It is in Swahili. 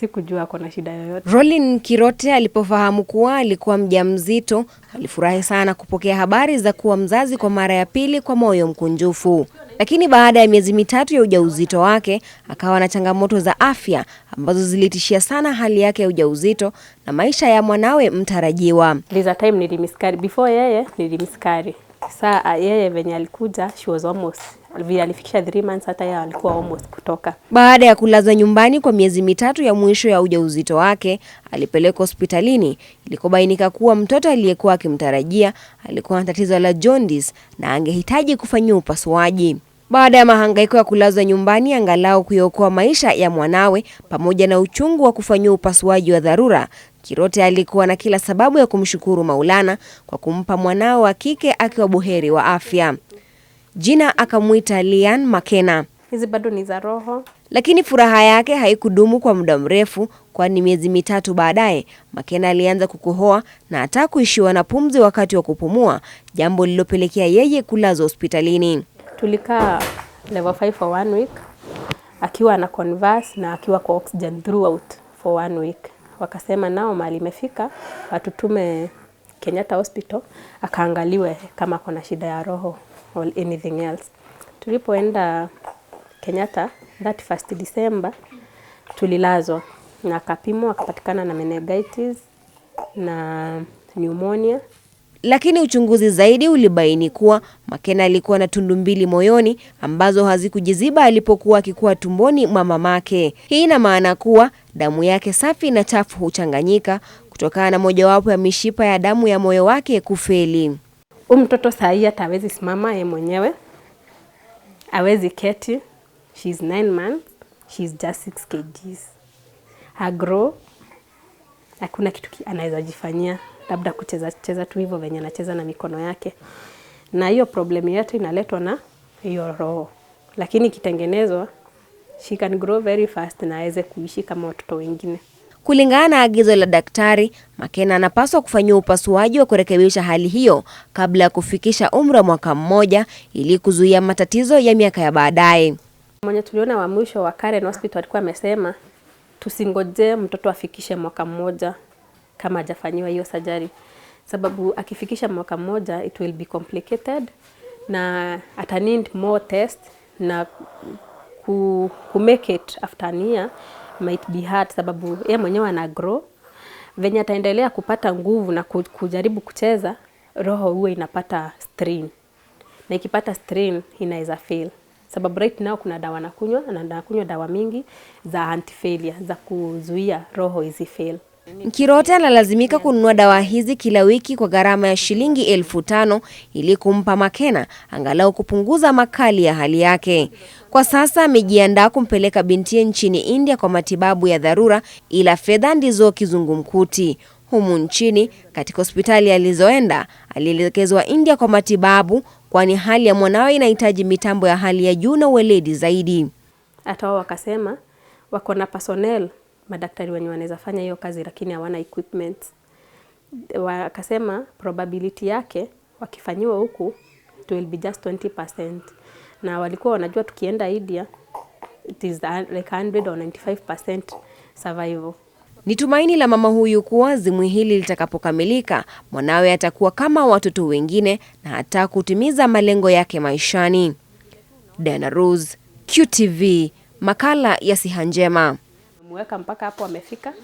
sikujua ako na shida yoyote. Rolin Kirote alipofahamu kuwa alikuwa mjamzito alifurahi sana kupokea habari za kuwa mzazi kwa mara ya pili kwa moyo mkunjufu, lakini baada ya miezi mitatu ya ujauzito wake akawa na changamoto za afya ambazo zilitishia sana hali yake ya ujauzito na maisha ya mwanawe mtarajiwa. time nilimiskari before yeye nilimiskari Saa ah, yeye venye alikuja, she was almost vile alifikisha 3 months, hata yeye alikuwa almost kutoka. Baada ya kulaza nyumbani kwa miezi mitatu ya mwisho ya ujauzito wake, alipelekwa hospitalini ilikobainika kuwa mtoto aliyekuwa akimtarajia alikuwa na tatizo la jaundice na angehitaji kufanyiwa upasuaji. Baada ya mahangaiko ya kulazwa nyumbani angalau kuiokoa maisha ya mwanawe pamoja na uchungu wa kufanyiwa upasuaji wa dharura, Kirote alikuwa na kila sababu ya kumshukuru Maulana kwa kumpa mwanao wa kike akiwa buheri wa afya. Jina akamwita Lian Makena. Hizi bado ni za roho. Lakini furaha yake haikudumu kwa muda mrefu, kwani miezi mitatu baadaye Makena alianza kukohoa na hata kuishiwa na pumzi wakati wa kupumua, jambo lililopelekea yeye kulazwa hospitalini. Tulikaa level 5 for one week akiwa ana converse na akiwa kwa oxygen throughout for one week wakasema nao mali imefika atutume Kenyatta Hospital akaangaliwe kama kuna shida ya roho or anything else. Tulipoenda Kenyatta that first December tulilazwa na akapimwa akapatikana na meningitis na pneumonia. Lakini uchunguzi zaidi ulibaini kuwa Makena alikuwa na tundu mbili moyoni ambazo hazikujiziba alipokuwa akikuwa tumboni mwa mamake. Hii ina maana kuwa damu yake safi na chafu huchanganyika kutokana na mojawapo ya mishipa ya damu ya moyo wake kufeli. Huyu mtoto sahii hata simama yeye mwenyewe, awezi keti. She is nine months, she is just six kgs. Agro, hakuna kitu anaweza jifanyia labda kucheza cheza tu hivyo venye anacheza na mikono yake, na hiyo problem yetu inaletwa na hiyo roho, lakini ikitengenezwa she can grow very fast na aweze kuishi kama watoto wengine. Kulingana na agizo la daktari, Makena anapaswa kufanyiwa upasuaji wa kurekebisha hali hiyo kabla ya kufikisha umri wa mwaka mmoja ili kuzuia matatizo ya miaka ya baadaye. Mwenye tuliona wa mwisho wa Karen Hospital alikuwa amesema tusingoje mtoto afikishe mwaka mmoja kama hajafanyiwa hiyo sajari sababu akifikisha mwaka mmoja it will be complicated na ata need more test na ku, ku make it after year might be hard, sababu yeye mwenyewe ana grow venye ataendelea kupata nguvu na kujaribu kucheza, roho huwa inapata strain, na ikipata strain inaweza fail, sababu right now kuna dawa nakunywa na nakunywa dawa mingi za anti failure za kuzuia roho isi fail. Kirote analazimika kununua dawa hizi kila wiki kwa gharama ya shilingi elfu tano ili kumpa Makena angalau kupunguza makali ya hali yake. Kwa sasa amejiandaa kumpeleka bintie nchini India kwa matibabu ya dharura, ila fedha ndizo kizungumkuti. Humu nchini katika hospitali alizoenda alielekezwa India kwa matibabu, kwani hali ya mwanawe inahitaji mitambo ya hali ya juu na uweledi zaidi. Hata wao wakasema wako na personnel madaktari wenye wanaweza fanya hiyo kazi lakini hawana equipment. Wakasema probability yake wakifanyiwa huku it will be just 20%, na walikuwa wanajua tukienda India it is like 100 or 95% survival. Ni tumaini la mama huyu kuwa zimwi hili litakapokamilika mwanawe atakuwa kama watoto wengine na hata kutimiza malengo yake maishani. Diana Rose, QTV, makala ya Siha Njema kumweka mpaka hapo amefika.